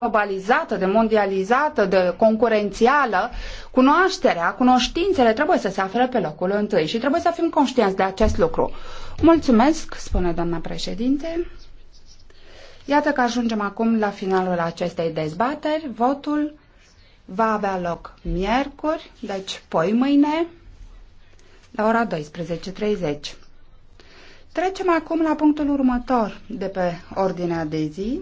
globalizată, de mondializată, de concurențială, cunoașterea, cunoștințele trebuie să se afle pe locul întâi și trebuie să fim conștienți de acest lucru. Mulțumesc, spune doamna președinte. Iată că ajungem acum la finalul acestei dezbateri. Votul va avea loc miercuri, deci poi mâine, la ora 12.30. Trecem acum la punctul următor de pe ordinea de zi.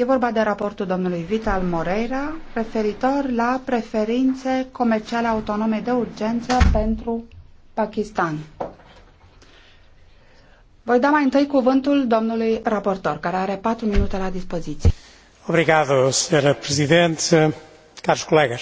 E vorba de raportul domnului Vital Moreira referitor la preferințe comerciale autonome de urgență pentru Pakistan. Voi da mai întâi cuvântul domnului raportor, care are patru minute la dispoziție. Obrigado, senhora Presidente, caros colegas.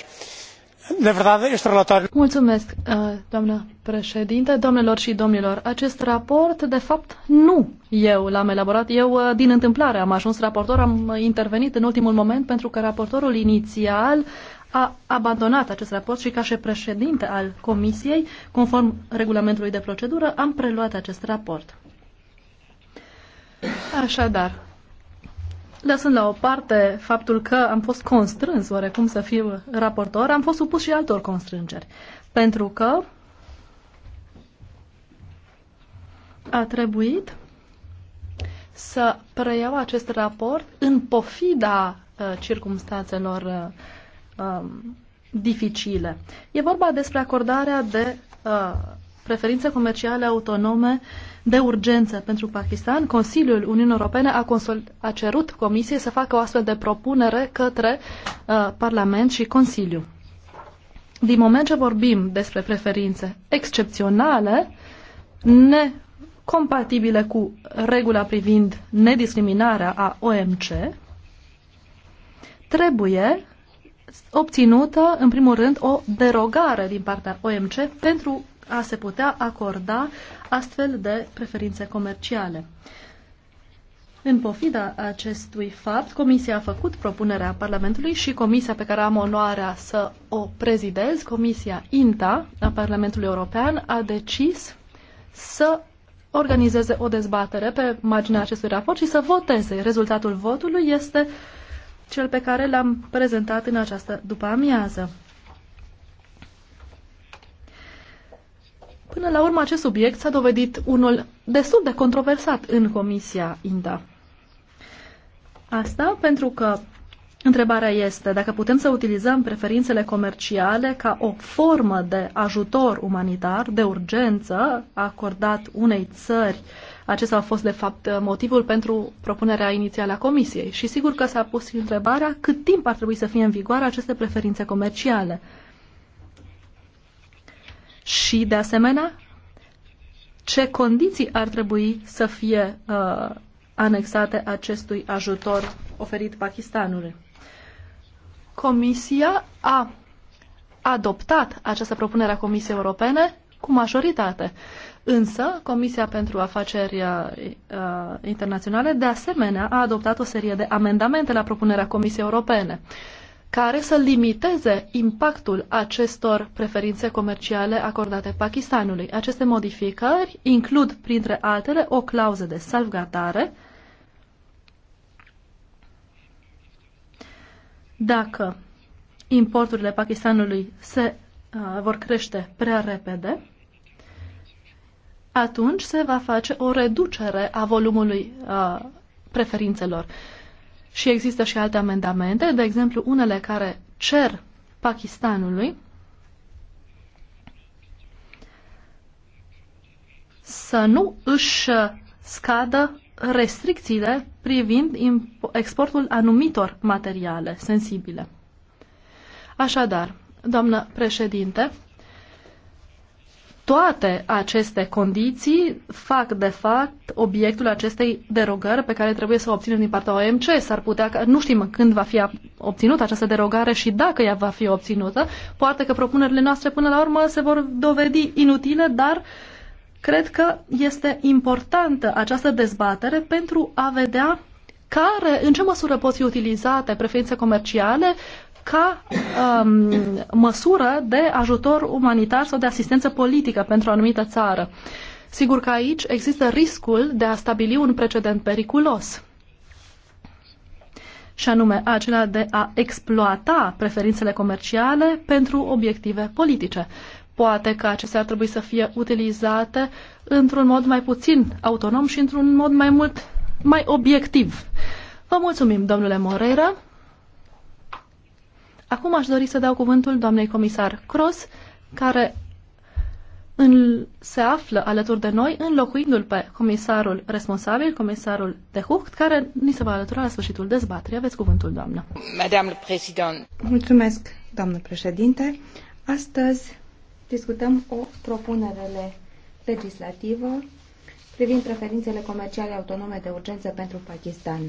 De verdade, este Mulțumesc, uh, doamnă președinte, domnilor și domnilor. Acest raport, de fapt, nu eu l-am elaborat. Eu, uh, din întâmplare, am ajuns raportor, am intervenit în ultimul moment pentru că raportorul inițial a abandonat acest raport și ca și președinte al Comisiei, conform regulamentului de procedură, am preluat acest raport. Așadar, lăsând la o parte faptul că am fost constrâns oarecum să fiu raportor, am fost supus și altor constrângeri. Pentru că a trebuit să preiau acest raport în pofida uh, circumstanțelor uh, um, dificile. E vorba despre acordarea de uh, preferințe comerciale autonome uh, de urgență pentru Pakistan, Consiliul Uniunii Europene a, a cerut Comisiei să facă o astfel de propunere către uh, Parlament și Consiliu. Din moment ce vorbim despre preferințe excepționale, necompatibile cu regula privind nediscriminarea a OMC, trebuie obținută, în primul rând, o derogare din partea OMC pentru a se putea acorda astfel de preferințe comerciale. În pofida acestui fapt, Comisia a făcut propunerea Parlamentului și Comisia pe care am onoarea să o prezidez, Comisia INTA a Parlamentului European, a decis să organizeze o dezbatere pe marginea acestui raport și să voteze. Rezultatul votului este cel pe care l-am prezentat în această după amiază. Până la urmă, acest subiect s-a dovedit unul destul de controversat în Comisia INTA. Asta pentru că întrebarea este dacă putem să utilizăm preferințele comerciale ca o formă de ajutor umanitar, de urgență, acordat unei țări. Acesta a fost, de fapt, motivul pentru propunerea inițială a Comisiei. Și sigur că s-a pus întrebarea cât timp ar trebui să fie în vigoare aceste preferințe comerciale și, de asemenea, ce condiții ar trebui să fie uh, anexate acestui ajutor oferit Pakistanului. Comisia a adoptat această propunere a Comisiei Europene cu majoritate. Însă, Comisia pentru Afaceri uh, uh Internaționale, de asemenea, a adoptat o serie de amendamente la propunerea Comisiei Europene. Uh, care să limiteze impactul acestor preferințe comerciale acordate Pakistanului. Aceste modificări includ, printre altele, o clauză de salvgardare dacă importurile Pakistanului se uh, vor crește prea repede, atunci se va face o reducere a volumului uh, preferințelor. Și există și alte amendamente, de exemplu unele care cer Pakistanului să nu își scadă restricțiile privind exportul anumitor materiale sensibile. Așadar, doamnă președinte, toate aceste condiții fac, de fapt, obiectul acestei derogări pe care trebuie să o obținem din partea OMC. S-ar putea că nu știm când va fi obținută această derogare și dacă ea va fi obținută. Poate că propunerile noastre până la urmă se vor dovedi inutile, dar cred că este importantă această dezbatere pentru a vedea care, în ce măsură pot fi utilizate preferințe comerciale ca um, măsură de ajutor umanitar sau de asistență politică pentru o anumită țară. Sigur că aici există riscul de a stabili un precedent periculos și anume acela de a exploata preferințele comerciale pentru obiective politice. Poate că acestea ar trebui să fie utilizate într-un mod mai puțin autonom și într-un mod mai mult mai obiectiv. Vă mulțumim, domnule Moreira. Acum aș dori să dau cuvântul doamnei comisar Cross, care în, se află alături de noi, înlocuindu-l pe comisarul responsabil, comisarul de Hucht, care ni se va alătura la sfârșitul dezbaterii. Aveți cuvântul, doamnă. Madame President. Mulțumesc, doamnă președinte. Astăzi discutăm o propunere legislativă privind preferințele comerciale autonome de urgență pentru Pakistan.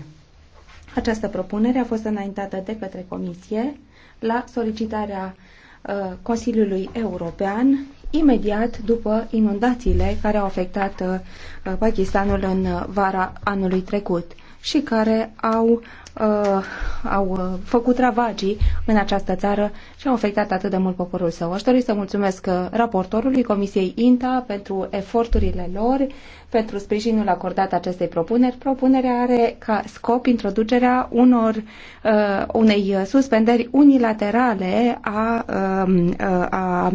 Această propunere a fost înaintată de către Comisie la solicitarea uh, Consiliului European imediat după inundațiile care au afectat uh, Pakistanul în vara anului trecut și care au, uh, au uh, făcut ravagii în această țară și au afectat atât de mult poporul său. Aș dori să mulțumesc raportorului Comisiei INTA pentru eforturile lor pentru sprijinul acordat acestei propuneri. Propunerea are ca scop introducerea unor, uh, unei suspendări unilaterale a, um, uh, a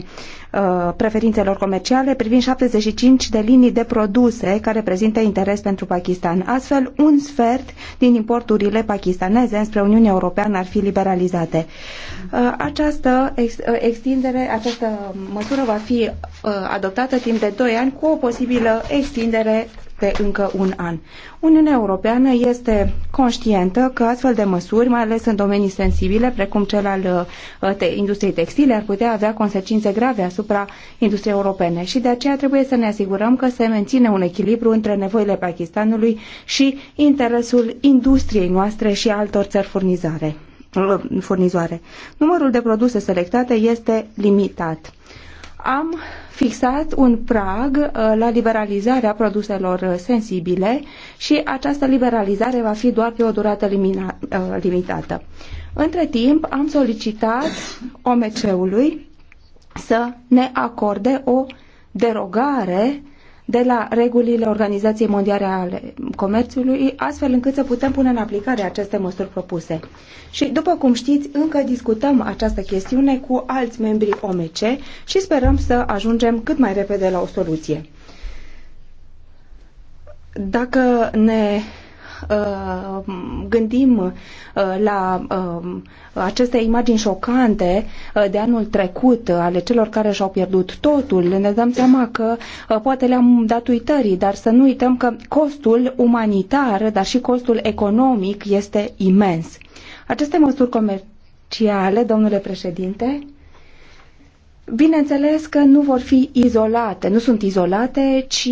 uh, preferințelor comerciale privind 75 de linii de produse care prezintă interes pentru Pakistan. Astfel, un sfert din importurile pakistaneze înspre Uniunea Europeană ar fi liberalizate. Uh, această uh, extindere, această măsură va fi adoptată timp de 2 ani cu o posibilă extindere vedere de încă un an. Uniunea Europeană este conștientă că astfel de măsuri, mai ales în domenii sensibile, precum cel al uh, industriei textile, ar putea avea consecințe grave asupra industriei europene și de aceea trebuie să ne asigurăm că se menține un echilibru între nevoile Pakistanului și interesul industriei noastre și altor țări furnizare uh, furnizoare. Numărul de produse selectate este limitat am fixat un prag uh, la liberalizarea produselor sensibile și această liberalizare va fi doar pe o durată uh, limitată. Între timp, am solicitat OMC-ului să ne acorde o derogare de la regulile Organizației Mondiale ale Comerțului, astfel încât să putem pune în aplicare aceste măsuri propuse. Și, după cum știți, încă discutăm această chestiune cu alți membri OMC și sperăm să ajungem cât mai repede la o soluție. Dacă ne Uh, gândim uh, la uh, aceste imagini șocante de anul trecut ale celor care și-au pierdut totul, ne dăm seama că poate le-am dat uitării, dar să nu uităm că costul umanitar, dar și costul economic este imens. Aceste măsuri comerciale, domnule președinte, bineînțeles că nu vor fi izolate, nu sunt izolate, ci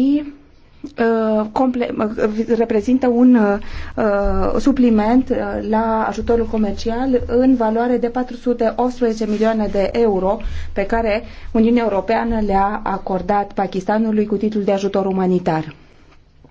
Uh, uh, reprezintă un uh, uh supliment la ajutorul comercial în valoare de 418 milioane de euro pe care Uniunea Europeană le-a acordat Pakistanului cu titlul de ajutor umanitar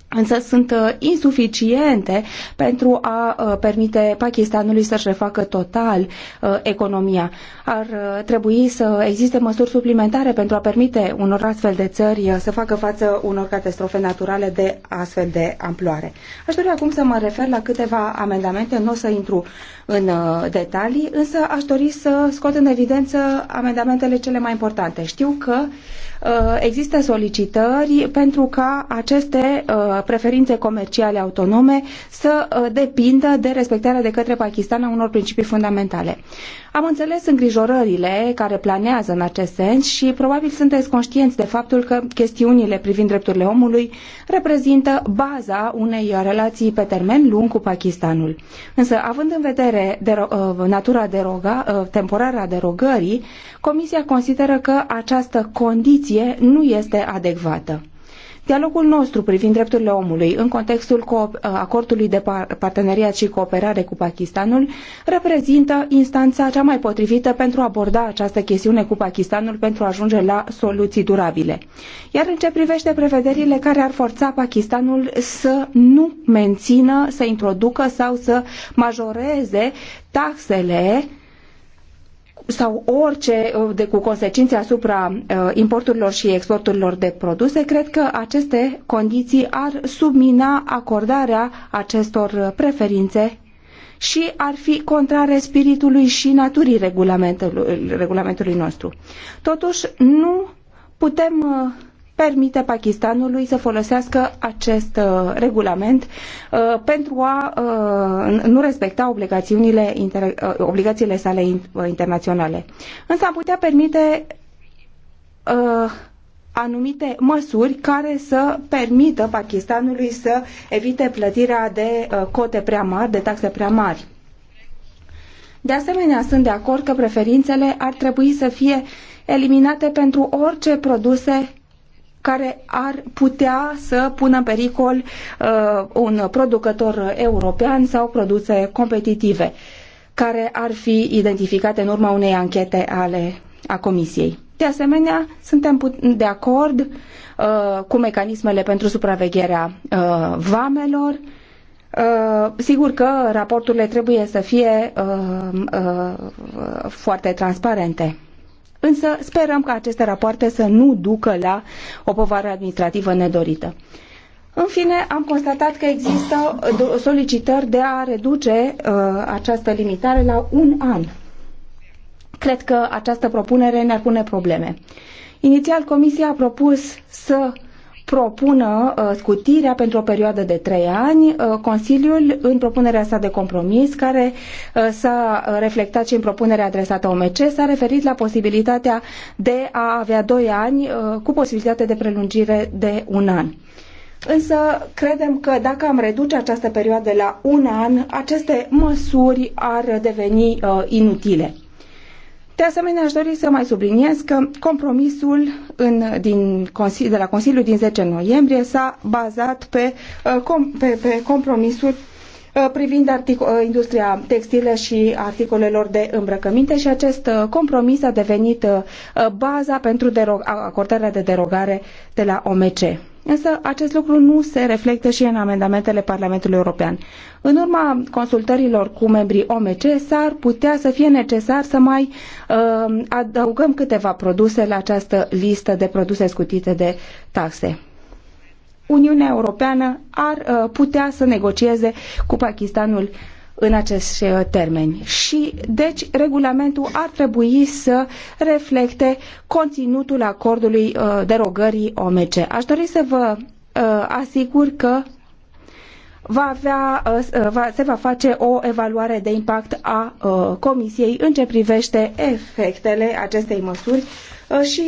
însă sunt uh, insuficiente pentru a uh, permite Pakistanului să-și refacă total uh, economia. Ar trebui să existe măsuri suplimentare pentru a permite unor astfel de țări să facă față unor catastrofe naturale de astfel de amploare. Aș dori acum să mă refer la câteva amendamente, nu o să intru în detalii, însă aș dori să scot în evidență amendamentele cele mai importante. Știu că Uh, există solicitări pentru ca aceste uh, preferințe comerciale autonome să uh, depindă de respectarea de către Pakistan a unor principii fundamentale. Am înțeles îngrijorările care planează în acest sens și probabil sunteți conștienți de faptul că chestiunile privind drepturile omului reprezintă baza unei relații pe termen lung cu Pakistanul. Însă, având în vedere dero- uh, natura deroga, uh, temporară a derogării, Comisia consideră că această condiție nu este adecvată. Dialogul nostru privind drepturile omului în contextul acordului de parteneriat și cooperare cu Pakistanul reprezintă instanța cea mai potrivită pentru a aborda această chestiune cu Pakistanul pentru a ajunge la soluții durabile. Iar în ce privește prevederile care ar forța Pakistanul să nu mențină, să introducă sau să majoreze taxele sau orice uh, de cu consecințe asupra uh, importurilor și exporturilor de produse, cred că aceste condiții ar submina acordarea acestor uh, preferințe și ar fi contrare spiritului și naturii regulamentului, regulamentului nostru. Totuși, nu putem permite Pakistanului să folosească acest uh, regulament uh, pentru a uh, nu respecta obligațiunile, obligațiile sale internaționale. Însă am putea permite anumite măsuri care să permită Pakistanului să evite plătirea de cote prea mari, de taxe prea mari. De asemenea, sunt de acord că preferințele ar trebui să fie eliminate pentru orice produse care ar putea să pună în pericol uh, un producător european sau produse competitive, care ar fi identificate în urma unei anchete ale a Comisiei. De asemenea, suntem de acord uh, cu mecanismele pentru supravegherea uh, vamelor. Uh, sigur că raporturile trebuie să fie uh, uh, foarte transparente. Însă sperăm că aceste rapoarte să nu ducă la o povară administrativă nedorită. În fine, am constatat că există solicitări de a reduce uh, această limitare la un an. Cred că această propunere ne-ar pune probleme. Inițial, Comisia a propus să uh, propună uh, scutirea pentru o perioadă de trei ani. Uh, Consiliul, în propunerea sa de compromis, care uh, s-a reflectat și în propunerea adresată OMC, s-a referit la posibilitatea de a avea doi ani cu posibilitate de prelungire de un an. Însă credem că dacă am reduce această perioadă la un an, aceste măsuri ar deveni uh, inutile. De asemenea, aș dori să mai subliniez că compromisul în, din, de la Consiliul din 10 noiembrie s-a bazat pe, uh, pe, pe compromisul uh, privind uh, industria textilă și articolelor de îmbrăcăminte și acest compromis a devenit baza pentru acordarea de derogare de la OMC. Însă acest lucru nu se reflectă și în amendamentele Parlamentului European. În urma consultărilor cu membrii OMC s-ar putea să fie necesar să mai uh, adăugăm câteva produse la această listă de produse scutite de taxe. Uniunea Europeană ar uh, putea să negocieze cu Pakistanul uh, în acești uh, termeni. Și, deci, regulamentul ar trebui să reflecte conținutul acordului uh, derogării OMC. Aș dori să vă uh, asigur că va avea, se va face o evaluare de impact a Comisiei în ce privește efectele acestei măsuri și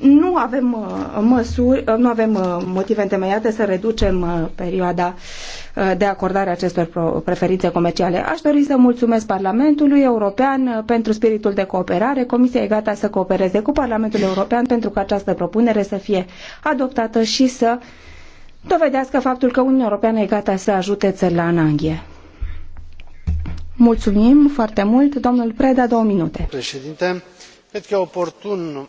nu avem uh, măsuri, uh, nu avem uh, motive întemeiate să reducem perioada de acordare a acestor preferințe comerciale. Aș dori să mulțumesc Parlamentului European pentru spiritul de cooperare. Comisia e gata să coopereze cu Parlamentul European pentru ca această propunere să fie adoptată și să dovedească faptul că Uniunea Europeană e gata să ajute țările în anghie. Mulțumim foarte mult. Domnul Preda, două minute. Președinte, cred că e oportun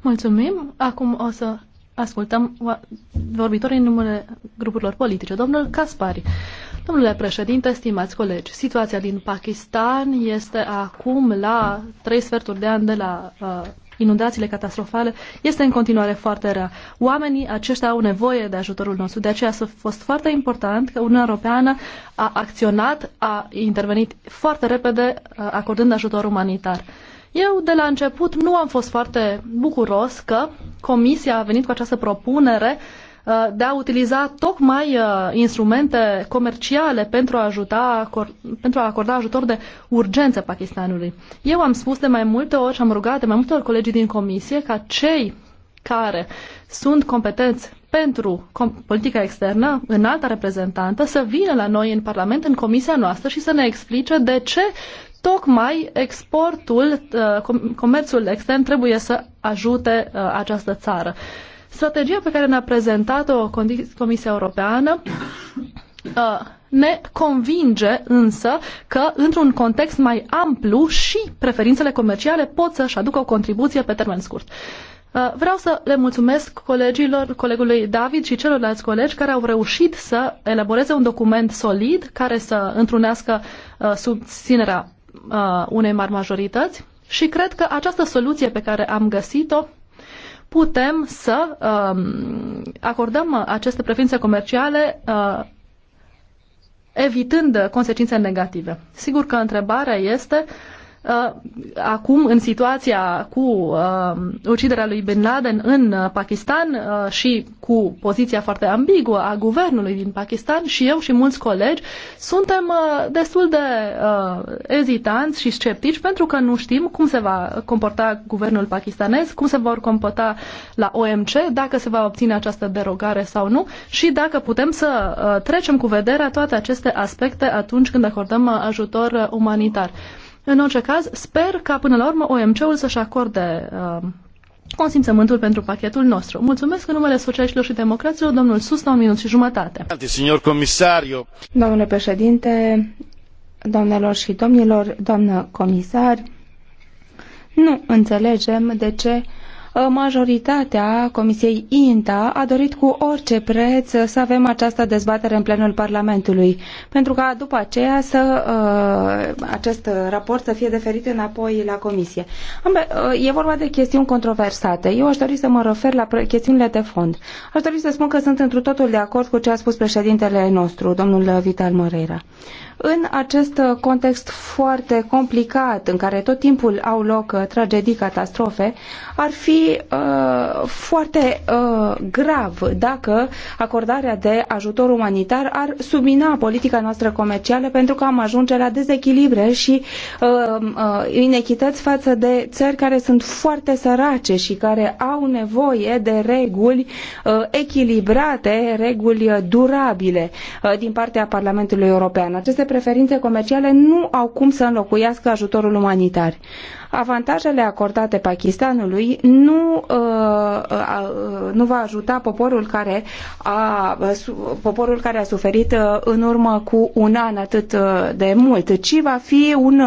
Mulțumim. Acum o să ascultăm vorbitorii în numele grupurilor politice. Domnul Caspari. Domnule președinte, stimați colegi, situația din Pakistan este acum la trei sferturi de ani de la uh, inundațiile catastrofale este în continuare foarte rea. Oamenii aceștia au nevoie de ajutorul nostru. De aceea a fost foarte important că Uniunea Europeană a acționat, a intervenit foarte repede uh, acordând ajutor umanitar. Eu, de la început, nu am fost foarte bucuros că Comisia a venit cu această propunere uh, Uh, de a utiliza tocmai uh, instrumente comerciale pentru a, ajuta, pentru a acorda ajutor de urgență Pakistanului. Eu am spus de mai multe ori și am rugat de mai multe ori colegii din comisie ca cei care sunt competenți pentru politica externă, înalta reprezentantă, să vină la noi în Parlament, în comisia noastră și să ne explice de ce tocmai exportul, uh, comerțul extern trebuie să ajute această țară. Strategia pe care ne-a prezentat-o Comisia Europeană uh, ne convinge însă că într-un context mai amplu și preferințele comerciale pot să-și aducă o contribuție pe termen scurt. Uh, vreau să le mulțumesc colegilor, colegului David și celorlalți colegi care au reușit să elaboreze un document solid care să întrunească uh, susținerea unei mari majorități și cred că această soluție pe care am găsit-o putem să um, acordăm aceste preferințe comerciale uh, evitând consecințe negative. Sigur că întrebarea este uh, Uh, acum în situația cu uh, uciderea lui Bin Laden în uh, Pakistan și cu poziția foarte ambiguă a guvernului din Pakistan și eu și mulți colegi suntem destul de ezitanți și sceptici pentru că nu știm cum se va comporta guvernul pakistanez, cum se vor comporta la OMC, dacă se va obține această derogare sau nu și dacă putem să trecem cu vederea toate aceste aspecte atunci când acordăm ajutor umanitar. În orice caz, sper ca până la urmă OMC-ul să-și acorde uh, consimțământul pentru pachetul nostru. Mulțumesc în numele socialiștilor și democraților, domnul Sus, la un minut și jumătate. Signor comisario. Domnule președinte, doamnelor și domnilor, doamnă comisar, nu înțelegem de ce Ă, majoritatea Comisiei INTA a dorit cu orice preț să avem această dezbatere în plenul Parlamentului, pentru ca după aceea să ă, acest raport să fie deferit înapoi la Comisie. Ă, e vorba de chestiuni controversate. Eu aș dori să mă refer la chestiunile de fond. Aș dori să spun că sunt întru totul de acord cu ce a spus președintele nostru, domnul Vital Moreira. În acest uh, context foarte complicat, în care tot timpul au loc uh, tragedii, catastrofe, ar fi uh, foarte uh, grav dacă acordarea de ajutor umanitar ar submina politica noastră comercială pentru că am ajunge la dezechilibre și uh, uh, inechități față de țări care sunt foarte sărace și care au nevoie de reguli uh, echilibrate, reguli uh, durabile uh, din partea Parlamentului European. Aceste preferințe comerciale nu au cum să înlocuiască ajutorul umanitar avantajele acordate Pakistanului nu, uh, uh, uh, nu va ajuta poporul care, a, poporul care a suferit în urmă cu un an atât de mult, ci va fi un,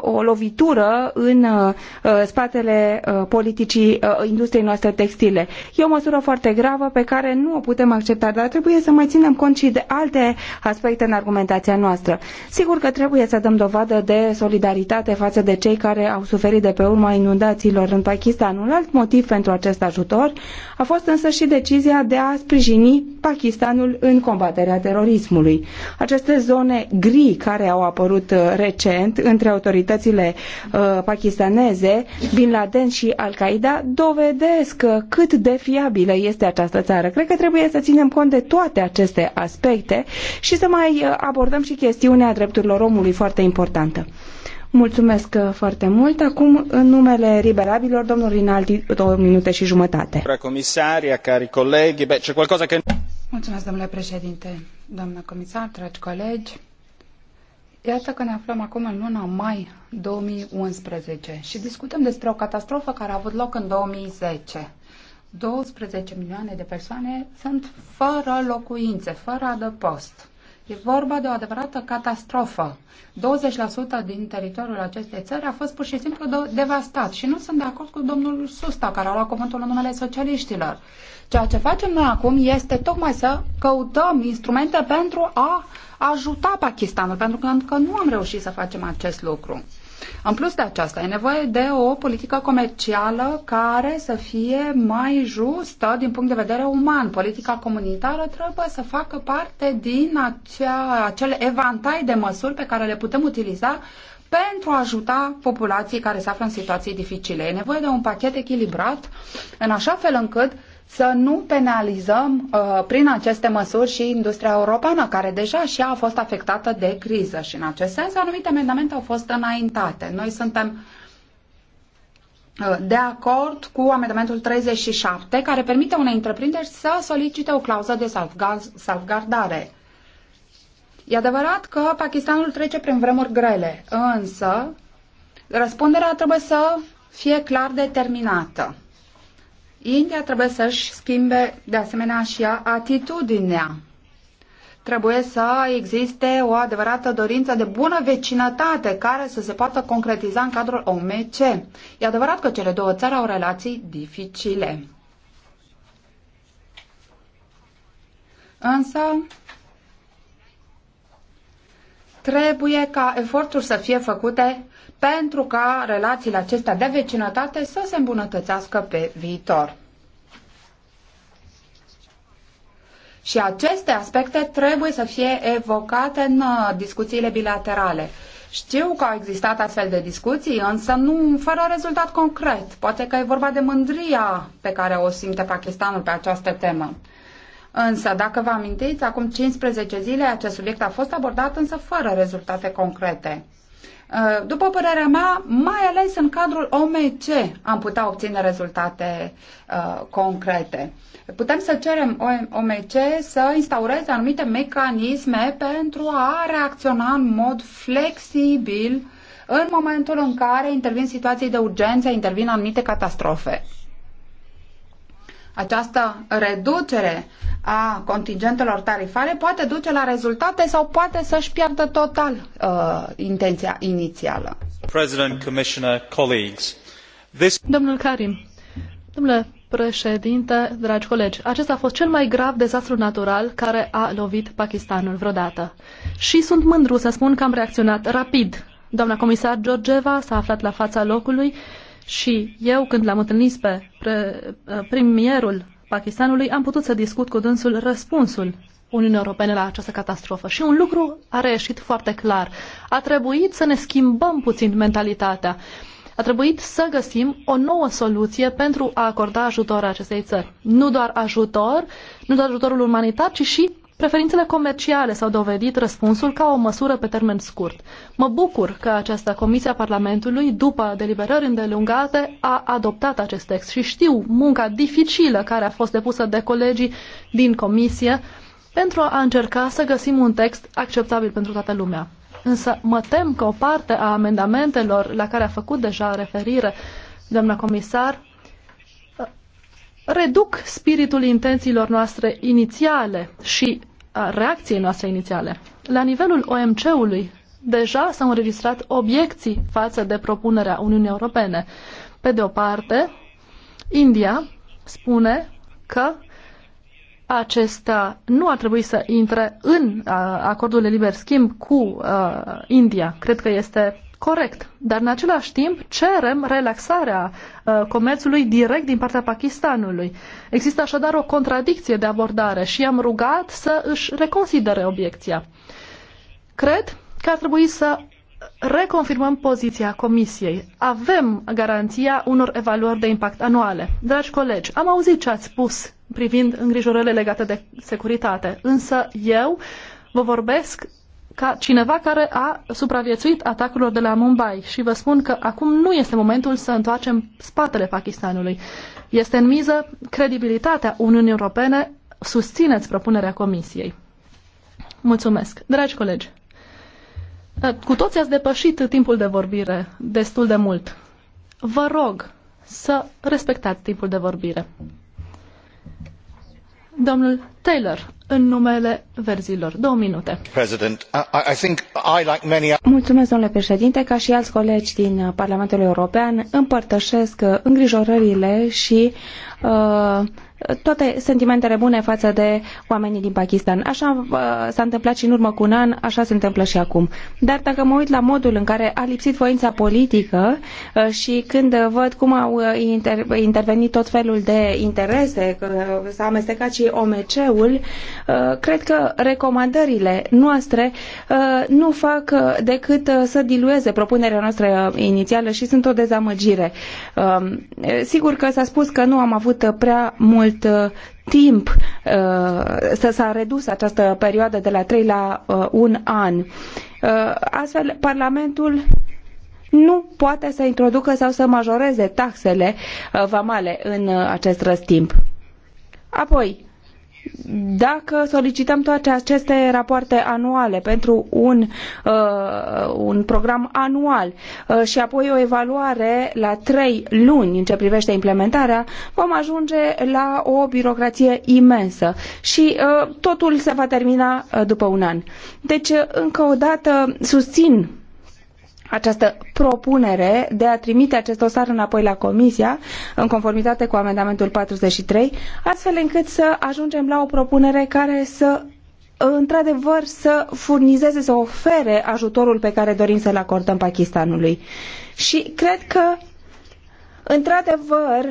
o lovitură în spatele politicii industriei noastre textile. E o măsură foarte gravă pe care nu o putem accepta, dar trebuie să mai ținem cont și de alte aspecte în argumentația noastră. Sigur că trebuie să dăm dovadă de solidaritate față de cei care care au suferit de pe urma inundațiilor în Pakistan. Un alt motiv pentru acest ajutor a fost însă și decizia de a sprijini Pakistanul în combaterea terorismului. Aceste zone gri care au apărut uh, recent între autoritățile uh, pakistaneze, Bin Laden și Al-Qaeda, dovedesc uh, cât de fiabilă este această țară. Cred că trebuie să ținem cont de toate aceste aspecte și să mai abordăm și chestiunea drepturilor omului foarte importantă. Mulțumesc uh, foarte mult. Acum, în numele liberabilor, domnul Rinaldi, două minute și jumătate. Comisaria, cari colegi, beh, c'è qualcosa che... Mulțumesc, domnule președinte, doamnă comisar, dragi colegi. Iată că ne aflăm acum în luna mai 2011 și discutăm despre o catastrofă care a avut loc în 2010. 12 milioane de persoane sunt fără locuințe, fără adăpost. E vorba de o adevărată catastrofă. 20% din teritoriul acestei țări a fost pur și simplu devastat și nu sunt de acord cu domnul Susta, care a luat cuvântul în numele socialiștilor. Ceea ce facem noi acum este tocmai să căutăm instrumente pentru a ajuta Pakistanul, pentru că încă nu am reușit să facem acest lucru. În plus de aceasta, e nevoie de o politică comercială care să fie mai justă din punct de vedere uman. Politica comunitară trebuie să facă parte din acea, acel evantai de măsuri pe care le putem utiliza pentru a ajuta populații care se află în situații dificile. E nevoie de un pachet echilibrat, în așa fel încât uh, să nu penalizăm uh, prin aceste măsuri și industria europeană, care deja și ea a fost afectată de criză. Și în acest sens, anumite amendamente au fost înaintate. Noi suntem uh, de acord cu amendamentul 37, care permite unei întreprinderi să solicite o clauză de salvgardare. E adevărat că Pakistanul trece prin vremuri grele, însă răspunderea trebuie să fie clar determinată. India trebuie să-și schimbe de asemenea și ea atitudinea. Trebuie să existe o adevărată dorință de bună vecinătate care să se poată concretiza în cadrul OMC. E adevărat că cele două țări au relații dificile. Însă, trebuie ca eforturi să fie făcute pentru ca relațiile acestea de vecinătate să se îmbunătățească pe viitor. Și aceste aspecte trebuie să fie evocate în uh, discuțiile bilaterale. Știu că au existat astfel de discuții, însă nu fără rezultat concret. Poate că e vorba de mândria pe care o simte Pakistanul pe această temă. Însă, dacă vă amintiți, acum 15 zile acest subiect a fost abordat, însă fără rezultate concrete. Uh, după părerea mea, mai ales în cadrul OMC am putea obține rezultate uh, concrete. Putem să cerem OMC să instaureze anumite mecanisme pentru a reacționa în mod flexibil în momentul în care intervin situații de urgență, intervin anumite catastrofe. Această reducere a contingentelor tarifare poate duce la rezultate sau poate să-și piardă total uh, intenția inițială. This... Domnul Karim, domnule președinte, dragi colegi, acesta a fost cel mai grav dezastru natural care a lovit Pakistanul vreodată. Și sunt mândru să spun că am reacționat rapid. Doamna comisar Georgeva s-a aflat la fața locului și eu, când l-am întâlnit pe uh, premierul Pakistanului, am putut să discut cu dânsul răspunsul Uniunii Europene la această catastrofă. Și un lucru a reieșit foarte clar. A trebuit să ne schimbăm puțin mentalitatea. A trebuit să găsim o nouă soluție pentru a acorda ajutor acestei țări. Nu doar ajutor, nu doar ajutorul umanitar, ci și Preferințele comerciale s-au dovedit răspunsul ca o măsură pe termen scurt. Mă bucur că această comisie a Parlamentului, după deliberări îndelungate, a adoptat acest text și știu munca dificilă care a fost depusă de colegii din comisie pentru a încerca să găsim un text acceptabil pentru toată lumea. Însă mă tem că o parte a amendamentelor la care a făcut deja referire doamna comisar reduc spiritul intențiilor noastre inițiale și a reacției noastre inițiale. La nivelul OMC-ului deja s-au înregistrat obiecții față de propunerea Uniunii Europene. Pe de o parte, India spune că acesta nu ar trebui să intre în acordul de liber schimb cu uh, India. Cred că este corect. Dar în același timp cerem relaxarea uh, comerțului direct din partea Pakistanului. Există așadar o contradicție de abordare și am rugat să își reconsidere obiecția. Cred că ar trebui să reconfirmăm poziția Comisiei. Avem garanția unor evaluări de impact anuale. Dragi colegi, am auzit ce ați spus privind îngrijorările legate de securitate, însă eu vă vorbesc ca cineva care a supraviețuit atacurilor de la Mumbai și vă spun că acum nu este momentul să întoarcem spatele Pakistanului. Este în miză credibilitatea Uniunii Europene. Susțineți propunerea Comisiei. Mulțumesc. Dragi colegi, ă, cu toți ați depășit timpul de vorbire destul de mult. Vă rog să respectați timpul de vorbire. Domnul Taylor, în numele verzilor. Două minute. Mulțumesc, domnule președinte. Ca și alți colegi din uh, Parlamentul European, împărtășesc uh, îngrijorările și uh, toate sentimentele bune față de oamenii din Pakistan. Așa uh, s-a întâmplat și în urmă cu un an, așa se întâmplă și acum. Dar dacă mă uit la modul în care a lipsit voința politică uh, și când văd cum au uh, inter- intervenit tot felul de interese, că s-a amestecat și OMC-ul, cred că recomandările noastre nu fac decât să dilueze propunerea noastră inițială și sunt o dezamăgire. Um, sigur că s-a spus că nu am avut prea mult mult uh, timp uh, s-a redus această perioadă de la trei la uh, un an. Astfel, Parlamentul nu poate să introducă sau să majoreze taxele vamale în acest răstimp. Apoi, dacă solicităm toate aceste rapoarte anuale pentru un, uh, un program anual uh, și apoi o evaluare la trei luni în ce privește implementarea, vom ajunge la o birocrație imensă și uh, totul se va termina uh, după un an. Deci, uh, încă o dată, susțin această propunere de a trimite acest dosar înapoi la Comisia, în conformitate cu amendamentul 43, astfel încât să ajungem la o propunere care să într-adevăr să furnizeze, să ofere ajutorul pe care dorim să-l acordăm Pakistanului. Și cred că Într-adevăr,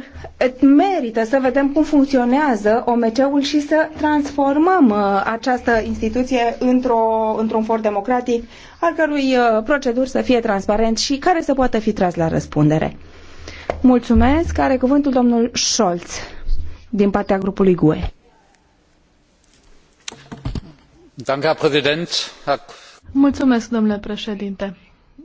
merită să vedem cum funcționează OMC-ul și să transformăm uh, această instituție într-o, într-un for democratic al cărui uh, proceduri să fie transparent și care să poată fi tras la răspundere. Mulțumesc. Are cuvântul domnul Scholz din partea grupului GUE. Mulțumesc, domnule președinte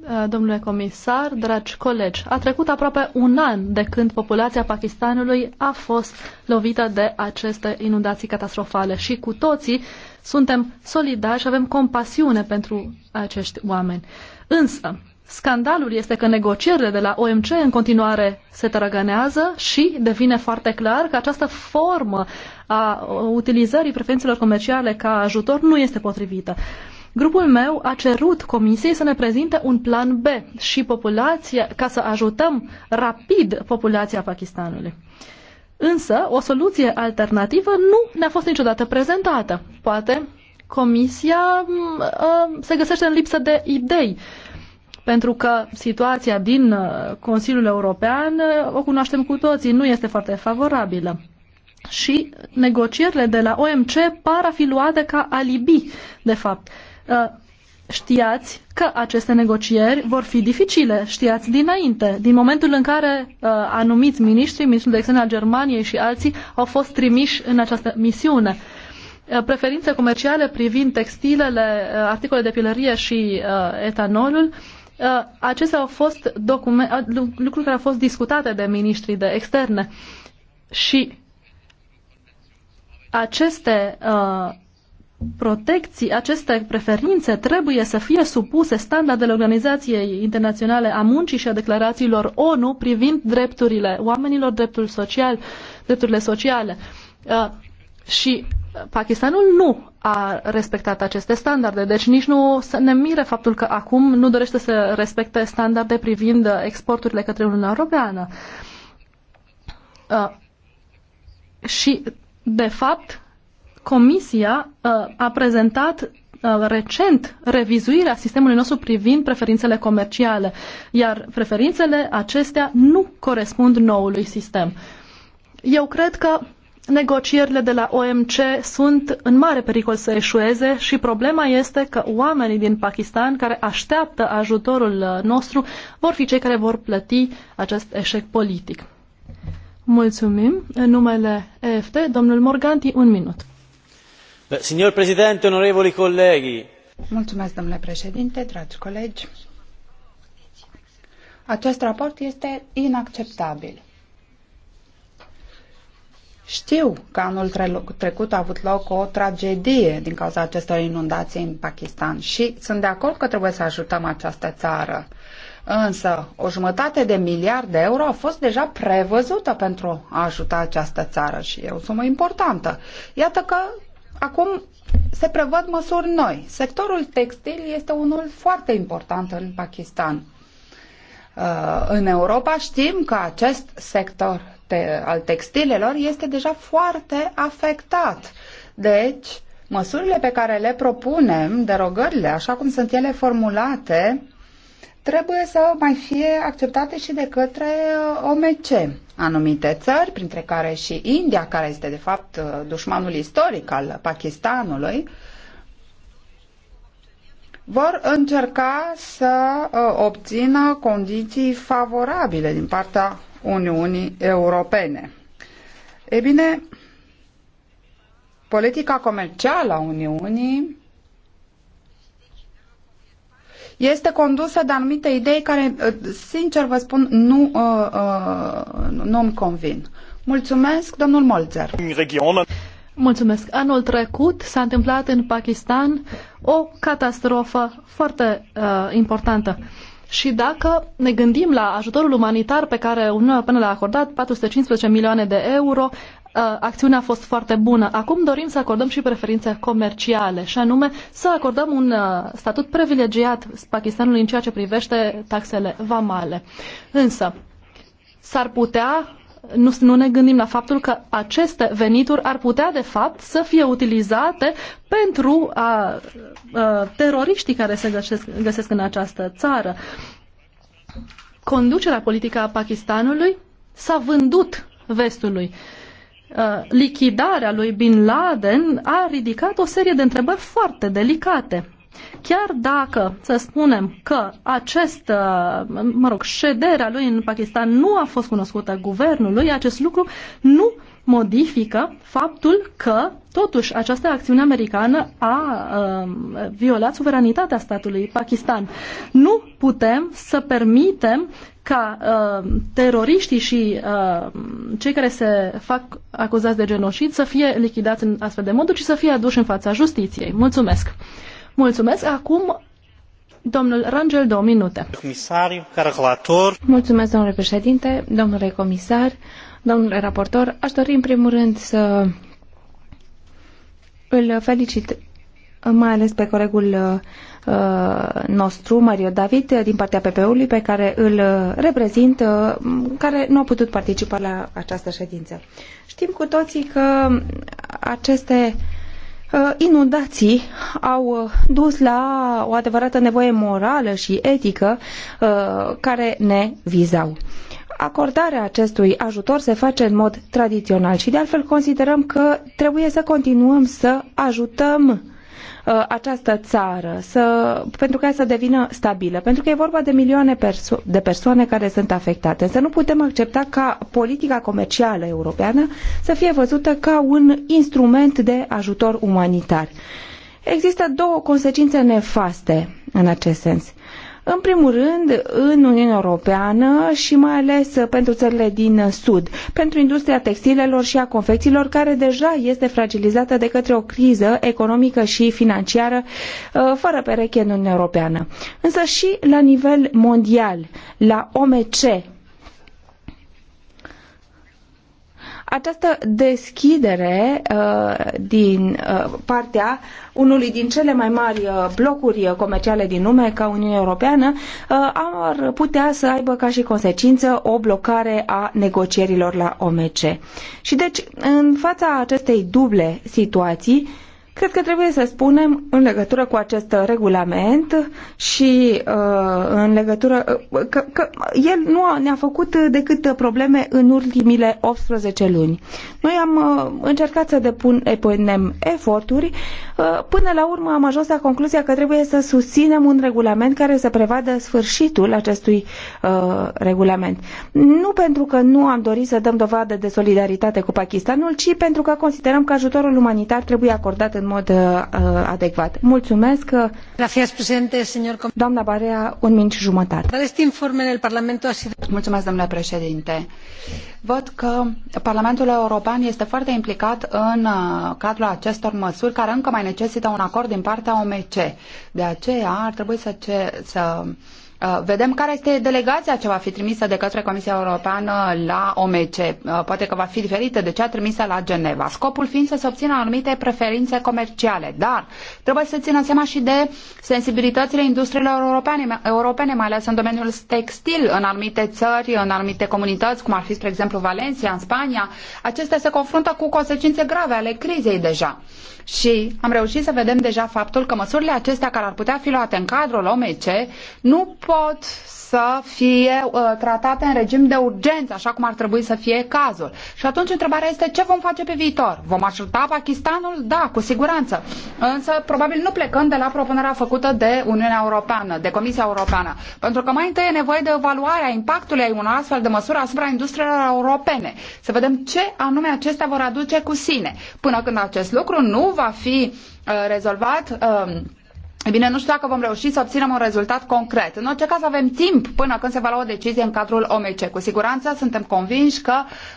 Eh, domnule comisar, dragi colegi. A trecut aproape un an de când populația Pakistanului a fost lovită de aceste inundații catastrofale și cu toții suntem solidari și avem compasiune pentru acești oameni. Însă, Scandalul este că negocierile de la OMC în continuare se tărăgănează și devine foarte clar că această formă a utilizării preferințelor comerciale ca ajutor nu este potrivită. Uh, Grupul meu a cerut Comisiei să ne prezinte un plan B și populația, ca să ajutăm rapid populația Pakistanului. Însă, o soluție alternativă nu ne-a fost niciodată prezentată. Poate Comisia uh, se găsește în lipsă de idei, pentru că situația din ă, Consiliul European, uh, o cunoaștem cu toții, nu este foarte favorabilă. Și negocierile de la OMC par a fi luate ca alibi, de fapt. Uh, știați că aceste negocieri vor fi dificile, știați dinainte, din momentul în care uh, anumiți miniștri, ministrul de externe al Germaniei și alții au fost trimiși în această misiune. Uh, preferințe comerciale privind textilele, uh, articole de pilărie și uh, etanolul, uh, acestea au fost document, uh, lucruri care au fost discutate de miniștrii de externe. Și aceste uh, protecții, aceste preferințe trebuie să fie supuse standardele Organizației Internaționale a Muncii și a declarațiilor ONU privind drepturile oamenilor, dreptul social, drepturile sociale. Uh, și Pakistanul nu a respectat aceste standarde, deci nici nu ne mire faptul că acum nu dorește să respecte standarde privind exporturile către Uniunea Europeană. Uh, și, de fapt, Comisia uh, a prezentat uh, recent revizuirea sistemului nostru privind preferințele comerciale, iar preferințele acestea nu corespund noului sistem. Eu cred că negocierile de la OMC sunt în mare pericol să eșueze și problema este că oamenii din Pakistan care așteaptă ajutorul uh, nostru vor fi cei care vor plăti acest eșec politic. Mulțumim. În numele EFT, domnul Morganti, un minut. Signor Presidente, onorevoli colleghi. Mulțumesc, domnule președinte, dragi colegi. Acest raport este inacceptabil. Știu că anul trecut a avut loc o tragedie din cauza acestor inundații în Pakistan și sunt de acord că trebuie să ajutăm această țară. Însă, o jumătate de miliard de euro a fost deja prevăzută pentru a ajuta această țară și e o sumă importantă. Iată că Acum se prevăd măsuri noi. Sectorul textil este unul foarte important în Pakistan. Uh, în Europa știm că acest sector te al textilelor este deja foarte afectat. Deci, măsurile pe care le propunem, derogările, așa cum sunt ele formulate, trebuie să mai fie acceptate și de către uh, OMC. Anumite țări, printre care și India, care este de fapt uh, dușmanul istoric al Pakistanului, vor încerca să uh, obțină condiții favorabile din partea Uniunii Europene. E bine, politica comercială a Uniunii este condusă de anumite idei care, uh, sincer vă spun, nu, uh, uh, mi convin. Mulțumesc, domnul Molzer. Mulțumesc. Anul trecut s-a întâmplat în Pakistan o catastrofă foarte uh, importantă. Și dacă ne gândim la ajutorul umanitar pe care Uniunea Europeană l-a acordat, 415 milioane de euro, Uh, acțiunea a fost foarte bună. Acum dorim să acordăm și preferințe comerciale, și anume să acordăm un uh, statut privilegiat Pakistanului în ceea ce privește taxele vamale. Însă, s-ar putea nu, nu ne gândim la faptul că aceste venituri ar putea, de fapt, să fie utilizate pentru a, a, uh, teroriștii care se găsesc, găsesc în această țară. Conducerea politică a Pakistanului s-a vândut vestului. Uh, Uh, lichidarea lui Bin Laden a ridicat o serie de întrebări foarte delicate. Chiar dacă, să spunem, că acest, uh, mă rog, șederea lui în Pakistan nu a fost cunoscută guvernului, acest lucru nu modifică faptul că, totuși, această acțiune americană a uh, violat suveranitatea statului Pakistan. Nu putem să permitem ca uh, teroriștii și uh, cei care se fac acuzați de genocid să fie lichidați în astfel de moduri și să fie aduși în fața justiției. Mulțumesc! Mulțumesc! Acum Domnul Rangel, două minute. Comisar, Mulțumesc, domnule președinte, domnule comisar domnule raportor, aș dori în primul rând să îl felicit mai ales pe colegul uh, nostru, Mario David, din partea PP-ului, pe care îl uh, reprezint, uh, care nu a putut participa la această ședință. Știm cu toții că aceste inundații au dus la o adevărată nevoie morală și etică care ne vizau acordarea acestui ajutor se face în mod tradițional și de altfel considerăm că trebuie să continuăm să ajutăm uh, această țară să, pentru ca ea să devină stabilă, pentru că e vorba de milioane perso de persoane care sunt afectate. Însă nu putem accepta ca politica comercială europeană să fie văzută ca un instrument de ajutor umanitar. Există două consecințe nefaste în acest sens. În primul rând, în Uniunea Europeană și mai ales pentru țările din Sud, pentru industria textilelor și a confecțiilor, care deja este fragilizată de către o criză economică și financiară uh, fără pereche în Uniunea Europeană. Însă și la nivel mondial, la OMC, această deschidere uh, din uh, partea unului din cele mai mari uh, blocuri comerciale din lume, ca Uniunea Europeană, ar putea să aibă ca și consecință o blocare a negocierilor la OMC. Și deci, în fața acestei duble situații, Cred că trebuie să spunem în legătură cu acest regulament și uh, în legătură uh, că, că el nu a, ne-a făcut decât probleme în ultimile 18 luni. Noi am uh, încercat să depunem eh, eforturi, uh, până la urmă am ajuns la concluzia că trebuie să susținem un regulament care să prevadă sfârșitul acestui uh, regulament. Nu pentru că nu am dorit să dăm dovadă de solidaritate cu Pakistanul, ci pentru că considerăm că ajutorul umanitar trebuie acordat în mod uh, adecvat. Mulțumesc. Gracias, președinte, señor... Doamna Barea, un minut și jumătate. Mulțumesc, domnule președinte. Văd că Parlamentul European este foarte implicat în uh, cadrul acestor măsuri care încă mai necesită un acord din partea OMC. De aceea ar trebui să, ce, să Uh, vedem care este delegația ce va fi trimisă de către Comisia Europeană la OMC. Uh, poate că va fi diferită de cea trimisă la Geneva. Scopul fiind să se obțină anumite preferințe comerciale, dar trebuie să țină seama și de sensibilitățile industriilor europene, europene, mai ales în domeniul textil, în anumite țări, în anumite comunități, cum ar fi, spre exemplu, Valencia, în Spania. Acestea se confruntă cu consecințe grave ale crizei deja și am reușit să vedem deja faptul că măsurile acestea care ar putea fi luate în cadrul OMC nu pot să fie uh, tratate în regim de urgență, așa cum ar trebui să fie cazul. Și atunci întrebarea este ce vom face pe viitor? Vom ajuta Pakistanul? Da, cu siguranță. Însă, probabil nu plecăm de la propunerea făcută de Uniunea Europeană, de Comisia Europeană, pentru că mai întâi e nevoie de evaluarea impactului a unor astfel de măsuri asupra industriilor europene. Să vedem ce anume acestea vor aduce cu sine. Până când acest lucru nu va fi uh, rezolvat, uh, E bine, nu știu dacă vom reuși să obținem un rezultat concret. În orice caz, avem timp până când se va lua o decizie în cadrul OMC. Cu siguranță suntem convinși că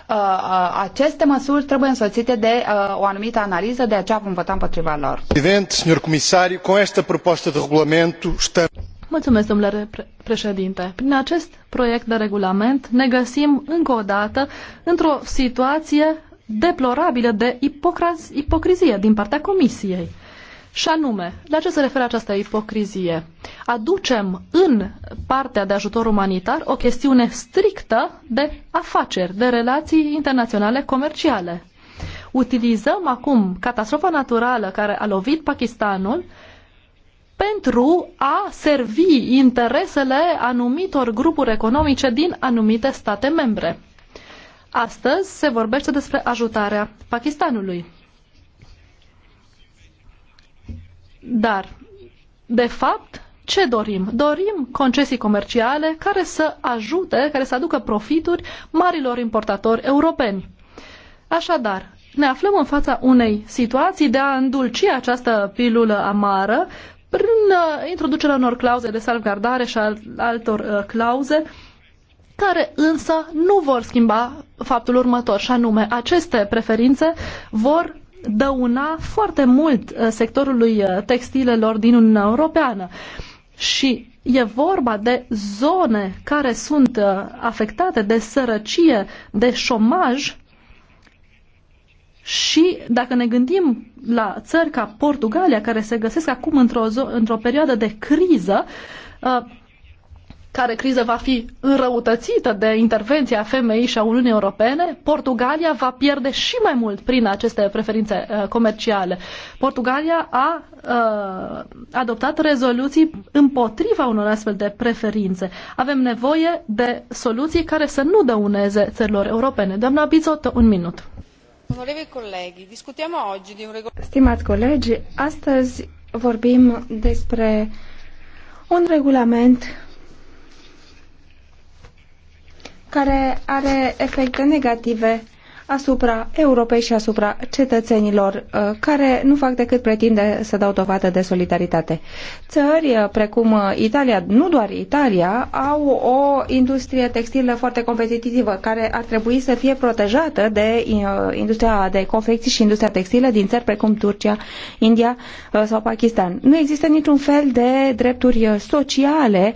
uh, uh, aceste măsuri trebuie însoțite de uh, o anumită analiză, de aceea vom vota împotriva lor. Evident, senor Comisar, cu această propunere de regulament stăm... Mulțumesc, domnule președinte. Prin acest proiect de regulament ne găsim încă o dată într-o situație deplorabilă de ipocrizie din partea Comisiei. Și anume, la ce se referă această ipocrizie? Aducem în partea de ajutor umanitar o chestiune strictă de afaceri, de relații internaționale comerciale. Utilizăm acum catastrofa naturală care a lovit Pakistanul pentru a servi interesele anumitor grupuri economice din anumite state membre. Astăzi se vorbește despre ajutarea Pakistanului Dar, de fapt, ce dorim? Dorim concesii comerciale care să ajute, care să aducă profituri marilor importatori europeni. Așadar, ne aflăm în fața unei situații de a îndulci această pilulă amară prin uh, introducerea unor clauze de salvgardare și al altor uh, clauze care însă nu vor schimba faptul următor, și anume aceste preferințe vor dăuna foarte mult uh, sectorului uh, textilelor din Uniunea Europeană. Și e vorba de zone care sunt uh, afectate de sărăcie, de șomaj și dacă ne gândim la țări ca Portugalia, care se găsesc acum într-o, într -o perioadă de criză, care criză va fi înrăutățită de intervenția FMI și a Uniunii Europene, Portugalia va pierde și mai mult prin aceste preferințe uh, comerciale. Portugalia a uh, adoptat rezoluții împotriva unor astfel de preferințe. Avem nevoie de soluții care să nu dăuneze țărilor europene. Doamna Bizot, un minut. Stimați colegi, astăzi vorbim despre un regulament care are efecte negative asupra Europei și asupra cetățenilor uh, care nu fac decât pretinde să dau dovadă de solidaritate. Țări uh, precum uh, Italia, nu doar Italia, au o industrie textilă foarte competitivă care ar trebui să fie protejată de industria de confecții și industria textilă din țări precum Turcia, India sau Pakistan. Nu există niciun fel de drepturi sociale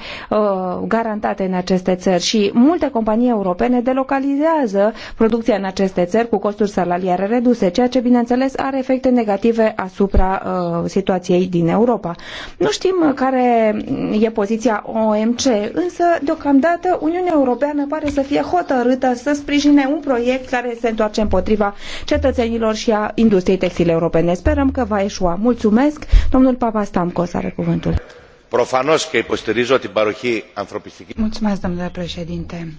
garantate în aceste țări și multe companii europene delocalizează producția în aceste de țări cu costuri salariare reduse, ceea ce, bineînțeles, are efecte negative asupra uh, situației din Europa. Nu știm uh, care e poziția OMC, însă, deocamdată, Uniunea Europeană pare să fie hotărâtă să sprijine un proiect care se întoarce împotriva cetățenilor și a industriei textile europene. Sperăm că va eșua. Mulțumesc. Domnul Papa Stamcos are cuvântul. Profanos că υποστηρίζω την παροχή Mulțumesc, domnule președinte.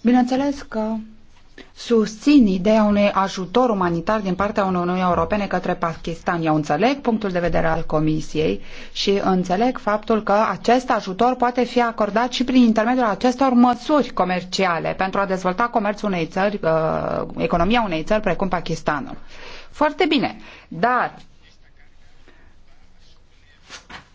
Bineînțeles că susțin ideea unui ajutor umanitar din partea Uniunii Europene către Pakistan. Eu înțeleg punctul de vedere al Comisiei și înțeleg faptul că acest ajutor poate fi acordat și prin intermediul acestor măsuri comerciale pentru a dezvolta comerțul unei țări, uh, economia unei țări precum Pakistanul. Foarte bine, dar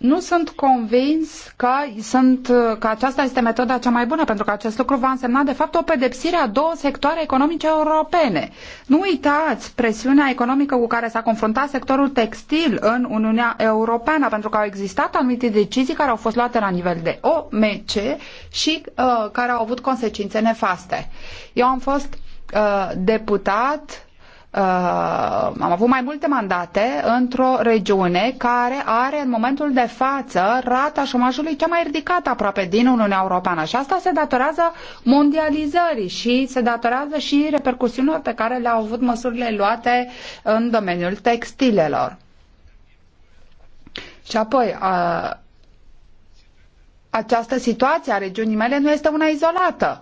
nu sunt convins că, sunt, că aceasta este metoda cea mai bună, pentru că acest lucru va însemna, de fapt, o pedepsire a două sectoare economice europene. Nu uitați presiunea economică cu care s-a confruntat sectorul textil în Uniunea Europeană, pentru că au existat anumite decizii care au fost luate la nivel de OMC și uh, care au avut consecințe nefaste. Eu am fost uh, deputat Uh, am avut mai multe mandate într-o regiune care are în momentul de față rata șomajului cea mai ridicată aproape din Uniunea Europeană și asta se datorează mondializării și se datorează și repercusiunilor pe care le-au avut măsurile luate în domeniul textilelor. Și apoi, a, uh, această situație a regiunii mele nu este una izolată.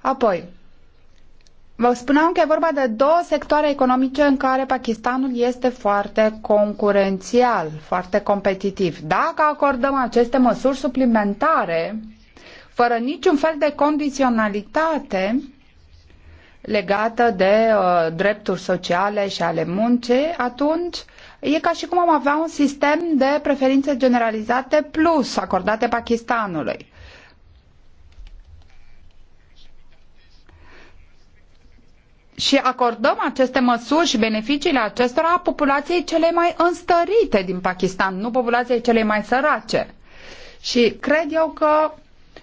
Apoi, Vă spuneam că e vorba de două sectoare economice în care Pakistanul este foarte concurențial, foarte competitiv. Dacă acordăm aceste măsuri suplimentare, fără niciun fel de condiționalitate legată de uh, drepturi sociale și ale muncii, atunci e ca și cum am avea un sistem de preferințe generalizate plus acordate Pakistanului. și acordăm aceste măsuri și beneficiile acestora populației cele mai înstărite din Pakistan, nu populației cele mai sărace. Și cred eu că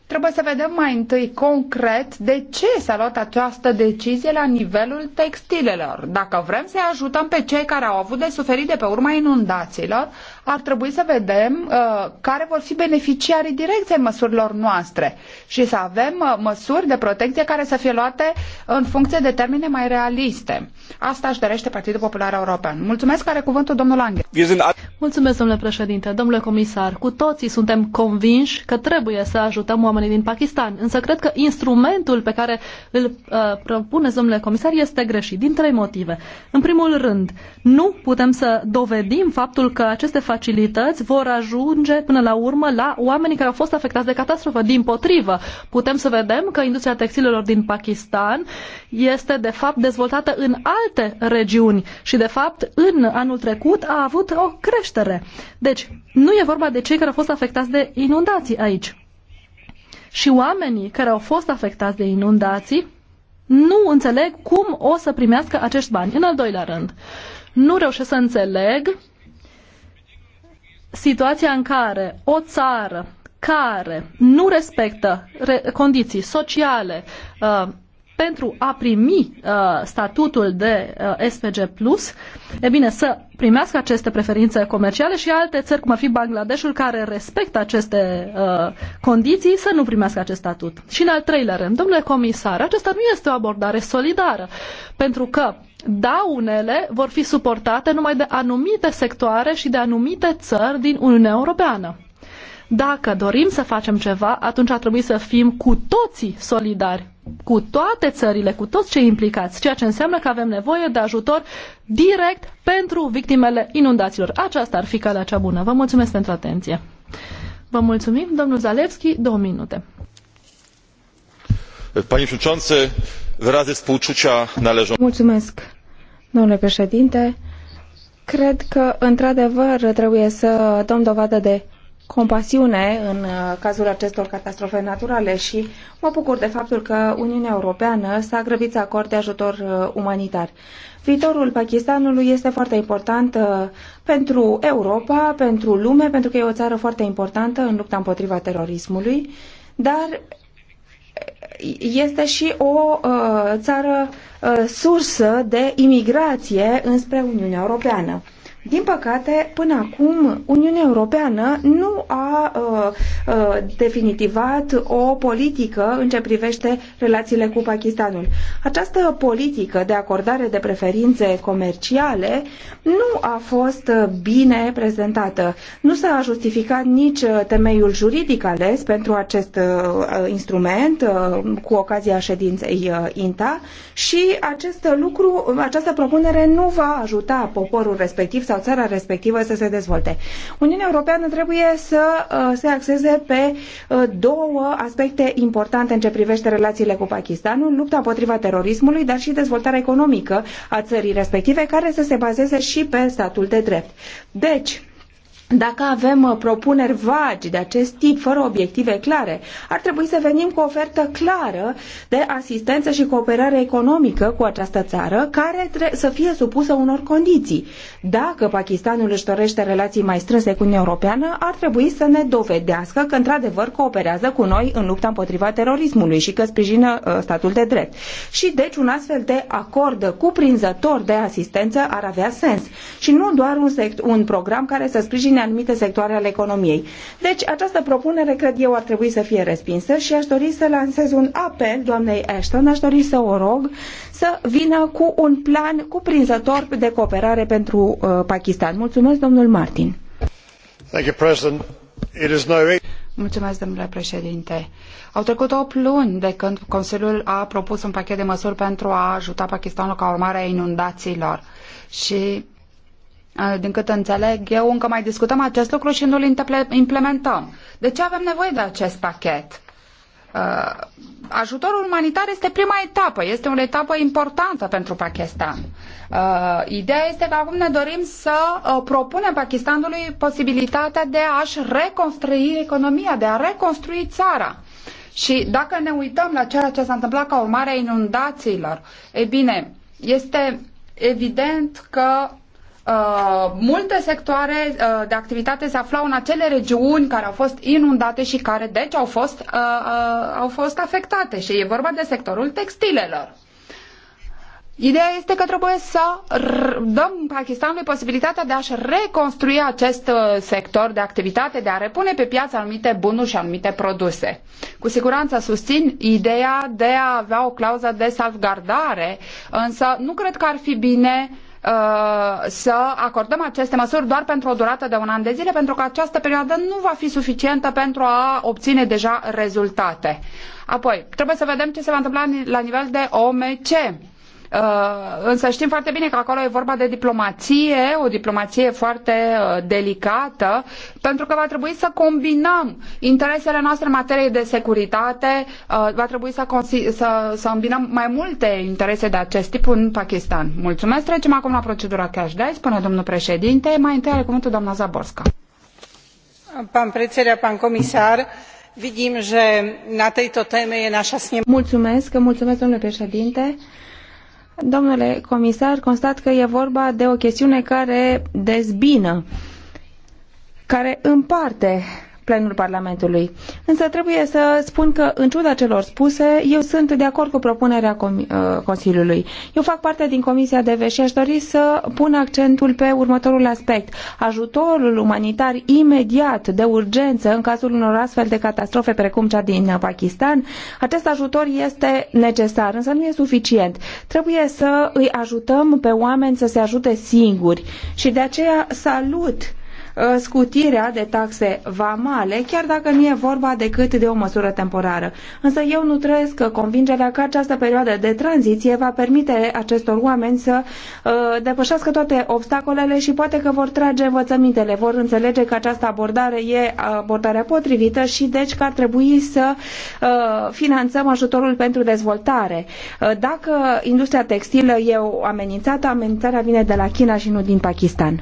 trebuie să vedem mai întâi concret de ce s-a luat această decizie la nivelul textilelor. Dacă vrem să-i ajutăm pe cei care au avut de suferit de pe urma inundațiilor, ar trebui să vedem uh, care vor fi beneficiarii direcți ai măsurilor noastre și să avem uh, măsuri de protecție care să fie luate în funcție de termene mai realiste. Asta își dorește Partidul Popular European. Mulțumesc, are cuvântul domnul Angel. Mulțumesc, domnule președinte, domnule comisar. Cu toții suntem convinși că trebuie să ajutăm oamenii din Pakistan, însă cred că instrumentul pe care îl uh, propuneți, domnule comisar, este greșit, din trei motive. În primul rând, nu putem să dovedim faptul că aceste facilități facilități vor ajunge până la urmă la oamenii care au fost afectați de catastrofă. Din potrivă, putem să vedem că industria textilelor din Pakistan este de fapt dezvoltată în alte regiuni și de fapt în anul trecut a avut o creștere. Deci, nu e vorba de cei care au fost afectați de inundații aici. Și oamenii care au fost afectați de inundații nu înțeleg cum o să primească acești bani. În al doilea rând, nu reușesc să înțeleg situația în care o țară care nu respectă re- condiții sociale uh, pentru a primi uh, statutul de uh, SPG+, e bine să primească aceste preferințe comerciale și alte țări, cum ar fi Bangladeshul, care respectă aceste uh, condiții, să nu primească acest statut. Și în al treilea rând, domnule comisar, aceasta nu este o abordare solidară, pentru că daunele vor fi suportate numai de anumite sectoare și de anumite țări din Uniunea Europeană. Dacă dorim să facem ceva, atunci ar trebui să fim cu toții solidari, cu toate țările, cu toți cei implicați, ceea ce înseamnă că avem nevoie de ajutor direct pentru victimele inundațiilor. Aceasta ar fi calea cea bună. Vă mulțumesc pentru atenție. Vă mulțumim, domnul Zalewski, două minute. Panie Przewodniczący, wyrazy współczucia należą. Mulțumesc, domnule președinte. Cred că, într-adevăr, trebuie să dăm dovadă de compasiune în uh, cazul acestor catastrofe naturale și mă bucur de faptul că Uniunea Europeană s-a grăbit să acorde ajutor uh, umanitar. Viitorul Pakistanului este foarte important uh, pentru Europa, pentru lume, pentru că e o țară foarte importantă în lupta împotriva terorismului, dar este și o uh, țară uh, sursă de imigrație înspre Uniunea Europeană. Din păcate, până acum, Uniunea Europeană nu a uh, uh, definitivat o politică în ce privește relațiile cu Pakistanul. Această politică de acordare de preferințe comerciale nu a fost bine prezentată. Nu s-a justificat nici temeiul juridic ales pentru acest uh, uh instrument uh, cu ocazia ședinței uh, INTA și acest lucru, această propunere nu va ajuta poporul respectiv sau sau țara respectivă să se dezvolte. Uniunea Europeană trebuie să uh, se axeze pe uh, două aspecte importante în ce privește relațiile cu Pakistanul, lupta împotriva terorismului, dar și dezvoltarea economică a țării respective, care să se bazeze și pe statul de drept. Deci, dacă avem uh, propuneri vagi de acest tip, fără obiective clare, ar trebui să venim cu o ofertă clară de asistență și cooperare economică cu această țară, care să fie supusă unor condiții. Dacă Pakistanul își dorește relații mai strânse cu Uniunea Europeană, ar trebui să ne dovedească că într-adevăr cooperează cu noi în lupta împotriva terorismului și că sprijină uh, statul de drept. Și deci un astfel de acord cuprinzător de asistență ar avea sens. Și nu doar un, sect, un program care să sprijine anumite sectoare ale economiei. Deci, această propunere, cred eu, ar trebui să fie respinsă și aș dori să lansez un apel doamnei Ashton, aș dori să o rog să vină cu un plan cuprinzător de cooperare pentru uh, Pakistan. Mulțumesc, domnul Martin. Thank you, President. It is no... Mulțumesc, domnule președinte. Au trecut 8 luni de când Consiliul a propus un pachet de măsuri pentru a ajuta Pakistanul ca urmare a inundațiilor. Și din cât înțeleg eu, încă mai discutăm acest lucru și nu-l implementăm. De ce avem nevoie de acest pachet? ajutorul umanitar este prima etapă, este o etapă importantă pentru Pakistan. ideea este că acum ne dorim să propunem Pakistanului posibilitatea de a-și reconstrui economia, de a reconstrui țara. Și dacă ne uităm la ceea ce s-a întâmplat ca urmare a inundațiilor, e bine, este evident că Uh, multe sectoare uh, de activitate se aflau în acele regiuni care au fost inundate și care deci au fost, uh, uh au fost afectate și e vorba de sectorul textilelor. Ideea este că trebuie să dăm Pakistanului posibilitatea de a-și reconstrui acest uh, sector de activitate, de a repune pe piață anumite bunuri și anumite produse. Cu siguranță susțin ideea de a avea o clauză de salvgardare, însă nu cred că ar fi bine uh, Uh, să acordăm aceste măsuri doar pentru o durată de un an de zile, pentru că această perioadă nu va fi suficientă pentru a obține deja rezultate. Apoi, trebuie să vedem ce se va întâmpla la nivel de OMC Uh, însă știm foarte bine că acolo e vorba de diplomație, o diplomație foarte uh, delicată, pentru că va trebui să combinăm interesele noastre în materie de securitate, uh, va trebui să, să, să îmbinăm mai multe interese de acest tip în Pakistan. Mulțumesc, trecem acum la procedura cash day, spune domnul președinte. Mai întâi are cuvântul doamna Zaborska. Pan predseda, pan comisar, vidím, že na tejto téme je naša snem... Mulțumesc, mulțumesc, domnule președinte. Domnule comisar, constat că e vorba de o chestiune care dezbină, care împarte plenul Parlamentului. Însă trebuie să spun că, în ciuda celor spuse, eu sunt de acord cu propunerea uh, Consiliului. Eu fac parte din Comisia DV și aș dori să pun accentul pe următorul aspect. Ajutorul umanitar imediat, de urgență, în cazul unor astfel de catastrofe precum cea din Pakistan, acest ajutor este necesar, însă nu e suficient. Trebuie să îi ajutăm pe oameni să se ajute singuri și de aceea salut Uh, scutirea de taxe vamale, chiar dacă nu e vorba decât de o măsură temporară. Însă eu nu trăiesc convingerea că această perioadă de tranziție va permite acestor oameni să uh, depășească toate obstacolele și poate că vor trage învățămintele, vor înțelege că această abordare e abordarea potrivită și deci că ar trebui să uh, finanțăm ajutorul pentru dezvoltare. Dacă industria textilă e amenințată, amenințarea vine de la China și nu din Pakistan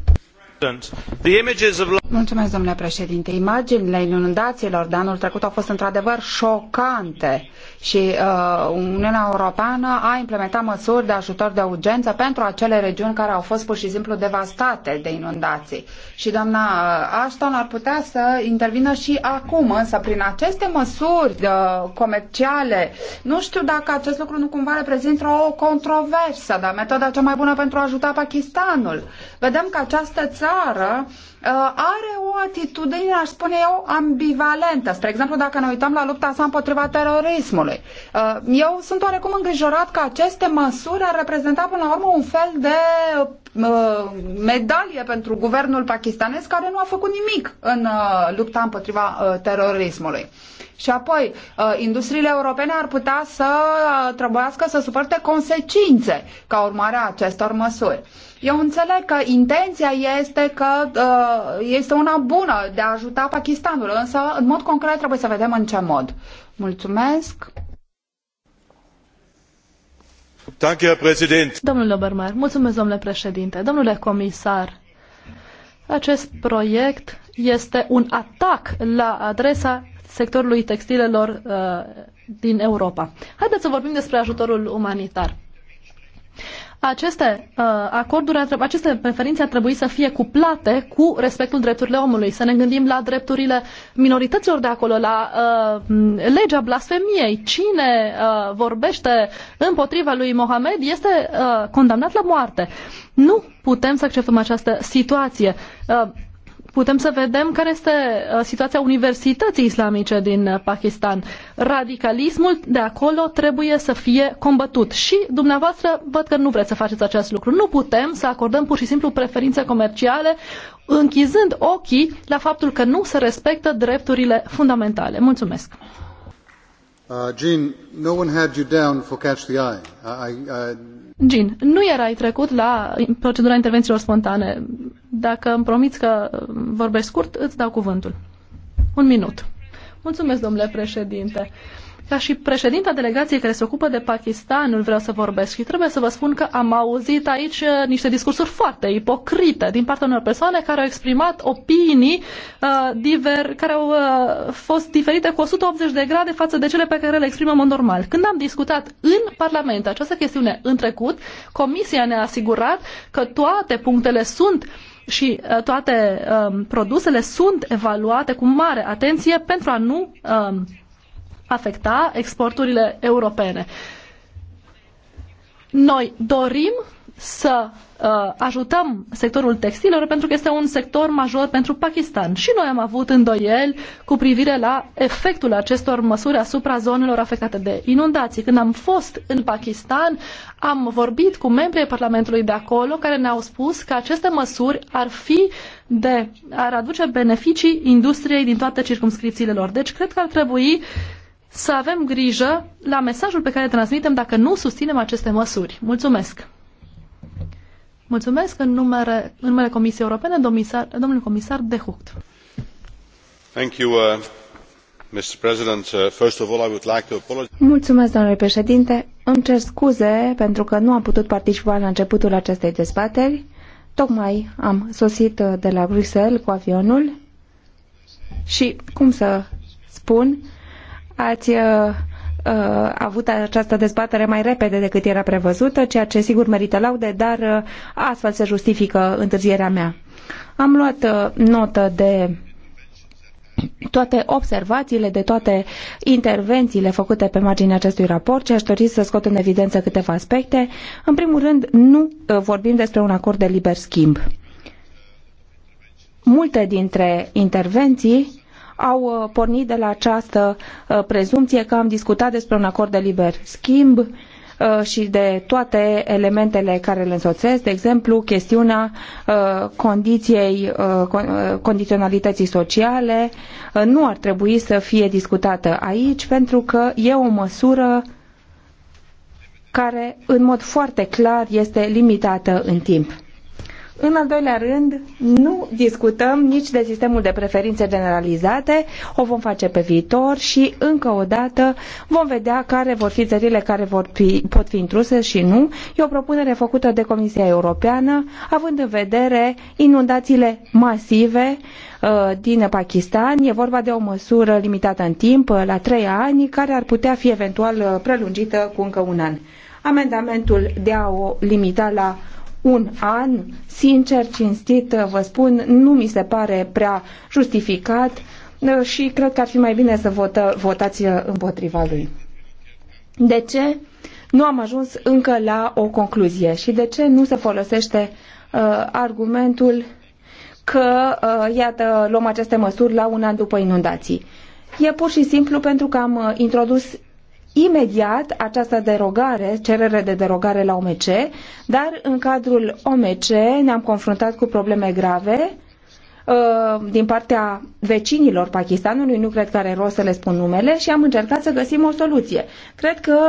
Mulțumesc, domnule președinte. Imaginile inundațiilor de anul trecut au fost într-adevăr șocante și uh, Uniunea Europeană a implementat măsuri de ajutor de urgență pentru acele regiuni care au fost pur și simplu devastate de inundații. Și doamna uh, Ashton ar putea să intervină și acum, însă prin aceste măsuri uh, comerciale, nu știu dacă acest lucru nu cumva reprezintă o controversă, dar metoda cea mai bună pentru a ajuta Pakistanul. Vedem că această țară țară uh, are o atitudine, aș spune eu, ambivalentă. Spre exemplu, dacă ne uităm la lupta sa împotriva terorismului. Uh, eu sunt oarecum îngrijorat că aceste măsuri ar reprezenta până la urmă un fel de uh, medalie pentru guvernul pakistanez care nu a făcut nimic în lupta împotriva terorismului. Și apoi, industriile europene ar putea să trebuiască să suporte consecințe ca urmare a acestor măsuri. Eu înțeleg că intenția este că uh, este una bună de a ajuta Pakistanul, însă în mod concret trebuie să vedem în ce mod. Mulțumesc. Domnule Obermeier, mulțumesc, domnule președinte. Domnule comisar, acest proiect este un atac la adresa sectorului textilelor uh, din Europa. Haideți să vorbim despre ajutorul umanitar aceste uh, acorduri, aceste preferințe ar trebui să fie cuplate cu respectul drepturilor omului. Să ne gândim la drepturile minorităților de acolo, la uh, legea blasfemiei. Cine uh, vorbește împotriva lui Mohamed este uh, condamnat la moarte. Nu putem să acceptăm această situație. Uh, putem să vedem care este uh, situația universității islamice din uh, Pakistan. Radicalismul de acolo trebuie să fie combătut și dumneavoastră văd că nu vreți să faceți acest lucru. Nu putem să acordăm pur și simplu preferințe comerciale închizând ochii la faptul că nu se respectă drepturile fundamentale. Mulțumesc! Uh, Jean, no one had you down for catch the eye. I, I... Jean, nu erai trecut la procedura intervențiilor spontane. Dacă îmi promiți că uh, vorbești scurt, îți dau cuvântul. Un minut. Mulțumesc, domnule președinte. Ca și președinta delegației care se ocupă de Pakistan, îl vreau să vorbesc și trebuie să vă spun că am auzit aici uh, niște discursuri foarte ipocrite din partea unor persoane care au exprimat opinii uh, diver, care au uh, fost diferite cu 180 de grade față de cele pe care le exprimăm în normal. Când am discutat în Parlament această chestiune în trecut, Comisia ne-a asigurat că toate punctele sunt și uh, toate uh, produsele sunt evaluate cu mare atenție pentru a nu uh, afecta exporturile europene. Noi dorim să uh, ajutăm sectorul textilor pentru că este un sector major pentru Pakistan. Și noi am avut îndoieli cu privire la efectul acestor măsuri asupra zonelor afectate de inundații. Când am fost în Pakistan, am vorbit cu membrii Parlamentului de acolo care ne-au spus că aceste măsuri ar fi de ar aduce beneficii industriei din toate circumscripțiile lor. Deci cred că ar trebui uh, să avem grijă la mesajul pe care îl transmitem dacă nu susținem aceste măsuri. Mulțumesc! Mulțumesc în, numele, în numele Comisiei Europene, domisar, domnul comisar De Hucht. Thank you, uh, Mr. President. Uh, first of all, I would like to apologize. Mulțumesc, domnule președinte. Îmi cer scuze pentru că nu am putut participa la începutul acestei dezbateri. Tocmai am sosit uh, de la Bruxelles cu avionul și, cum să spun, ați uh, uh, avut această dezbatere mai repede decât era prevăzută, ceea ce sigur merită laude, dar uh, astfel se justifică întârzierea mea. Am luat notă de toate observațiile, de toate intervențiile făcute pe marginea acestui raport și aș dori să scot în evidență câteva aspecte. În primul rând, nu vorbim despre un acord de liber schimb. Multe dintre intervenții au uh, pornit de la această uh, prezumție că am discutat despre un acord de liber schimb uh, și de toate elementele care le însoțesc, de exemplu, chestiunea condiției, condiționalității sociale nu ar trebui să fie discutată aici pentru că e o măsură care în mod foarte clar este limitată în timp. În al doilea rând, nu discutăm nici de sistemul de preferințe generalizate, o vom face pe viitor și încă o dată vom vedea care vor fi țările care vor fi, pot fi intruse și nu. E o propunere făcută de Comisia Europeană, având în vedere inundațiile masive uh, din Pakistan. E vorba de o măsură limitată în timp, uh, la trei ani, care ar putea fi eventual uh, prelungită cu încă un an. Amendamentul de a o limita la un an, sincer, cinstit, vă spun, nu mi se pare prea justificat uh, și cred că ar fi mai bine să votă, votați uh, împotriva lui. De ce nu am ajuns încă la o concluzie și de ce nu se folosește uh, argumentul că, uh, iată, luăm aceste măsuri la un an după inundații? E pur și simplu pentru că am uh, introdus imediat această derogare, cerere de derogare la OMC, dar în cadrul OMC ne-am confruntat cu probleme grave uh, din partea vecinilor Pakistanului, nu cred că are rost să le spun numele, și am încercat să găsim o soluție. Cred că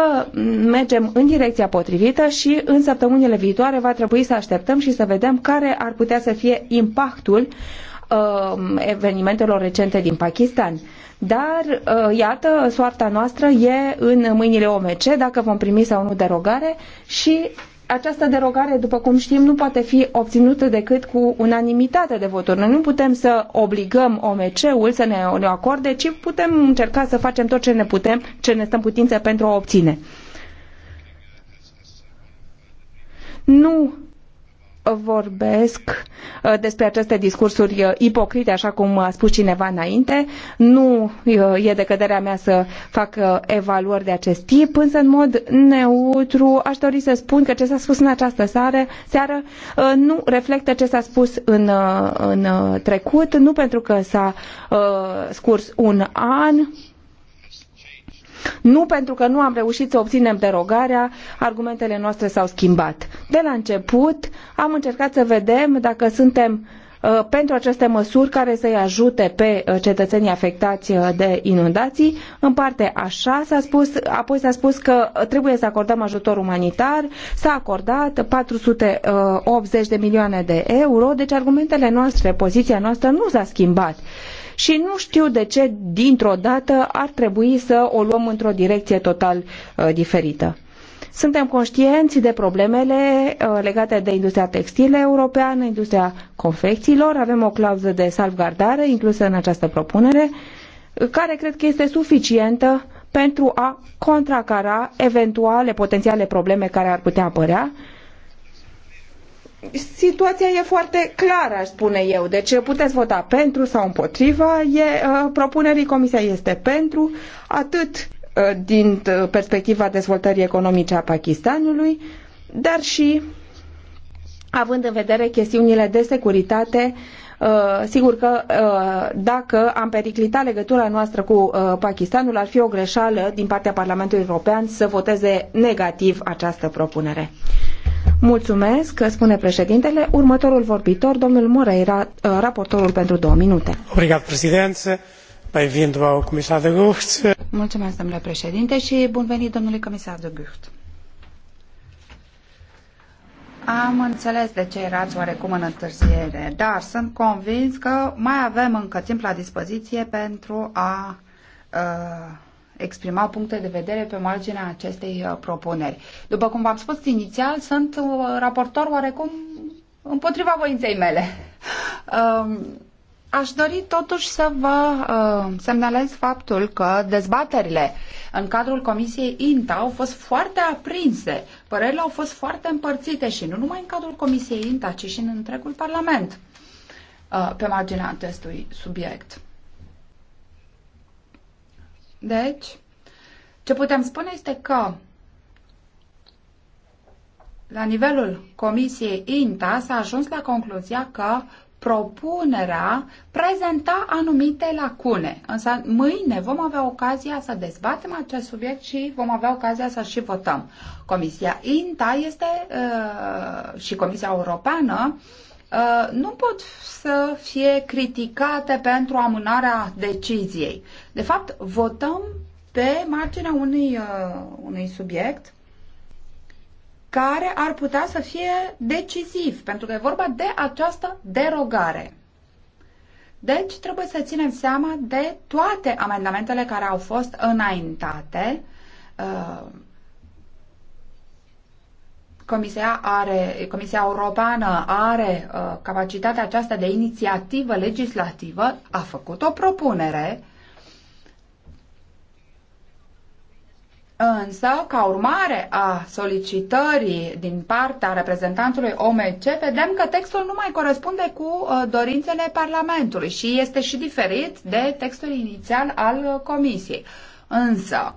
mergem în direcția potrivită și în săptămânile viitoare va trebui să așteptăm și să vedem care ar putea să fie impactul uh, Um, evenimentelor recente din Pakistan. Dar, uh, iată, soarta noastră e în mâinile OMC, dacă vom primi sau nu derogare și această derogare, după cum știm, nu poate fi obținută decât cu unanimitate de voturi. Noi nu putem să obligăm OMC-ul să ne, o acorde, ci putem încerca să facem tot ce ne putem, ce ne stăm putință pentru a obține. Nu vorbesc uh, despre aceste discursuri uh, ipocrite, așa cum a spus cineva înainte. Nu uh, e de căderea mea să fac evaluări de acest tip, însă în mod neutru aș dori să spun că ce s-a spus în această seară, seară nu reflectă ce s-a spus în, în trecut, nu pentru că s-a scurs un an, nu pentru că nu am reușit să obținem derogarea, argumentele noastre s-au schimbat. De la început am încercat să vedem dacă suntem uh, pentru aceste măsuri care să-i ajute pe uh, cetățenii afectați uh, de inundații. În parte așa s-a spus, apoi s-a spus că trebuie să acordăm ajutor umanitar, s-a acordat 480 de milioane de euro, deci argumentele noastre, poziția noastră nu s-a schimbat. Uh, și nu știu de ce dintr-o dată ar trebui să o luăm într-o direcție total uh, diferită. Suntem conștienți de problemele uh, legate de industria textilă europeană, industria confecțiilor. Avem o clauză de salvgardare inclusă în această propunere, uh, care cred că este suficientă pentru a contracara eventuale potențiale probleme care ar putea apărea situația e foarte clară, aș spune eu. Deci puteți vota pentru sau împotriva. E, uh, propunerii Comisia este pentru, atât uh, din uh, perspectiva dezvoltării economice a Pakistanului, dar și având în vedere chestiunile de securitate, sigur că dacă am periclita legătura noastră cu Pakistanul, ar fi o greșeală din partea Parlamentului European să voteze negativ această propunere. Mulțumesc, spune președintele. Următorul vorbitor, domnul Moreira, ă, raportorul pentru două minute. Obrigat, președinte. Bem-vindo ao comisar de Gucht. Mulțumesc, domnule președinte, și bun venit, domnule comisar de Gucht. Am înțeles de ce erați oarecum în întârziere, dar sunt convins că mai avem încă timp la dispoziție pentru a uh, exprima puncte de vedere pe marginea acestei uh, propuneri. După cum v-am spus inițial, sunt uh, raportor oarecum împotriva voinței mele. Um, aș dori totuși să vă uh, semnalez faptul că dezbaterile în cadrul Comisiei INTA au fost foarte aprinse, părerile au fost foarte împărțite și nu numai în cadrul Comisiei INTA, ci și în întregul Parlament pe marginea acestui subiect. Deci, ce putem spune este că la nivelul Comisiei INTA s-a ajuns la concluzia că propunerea prezenta anumite lacune. Însă mâine vom avea ocazia să dezbatem acest subiect și vom avea ocazia să și votăm. Comisia INTA este uh, și Comisia Europeană Uh, nu pot să fie criticate pentru amânarea deciziei. De fapt, votăm pe marginea unui, uh, unui subiect care ar putea să fie decisiv, pentru că e vorba de această derogare. Deci trebuie să ținem seama de toate amendamentele care au fost înaintate uh, Comisia, are, Comisia Europeană are uh, capacitatea aceasta de inițiativă legislativă, a făcut o propunere, însă, ca urmare a solicitării din partea reprezentantului OMC, vedem că textul nu mai corespunde cu uh, dorințele Parlamentului și este și diferit de textul inițial al uh, Comisiei. Însă,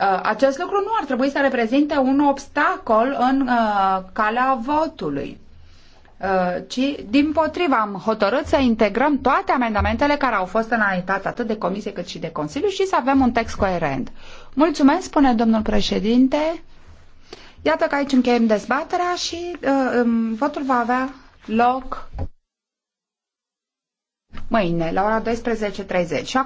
Uh, acest lucru nu ar trebui să reprezinte un obstacol în uh, calea votului uh, ci din potriva am hotărât să integrăm toate amendamentele care au fost înaintate atât de comisie cât și de Consiliu și să avem un text coerent. Mulțumesc, spune domnul președinte. Iată că aici încheiem dezbaterea și uh, um, votul va avea loc mâine la ora 12.30. Și acum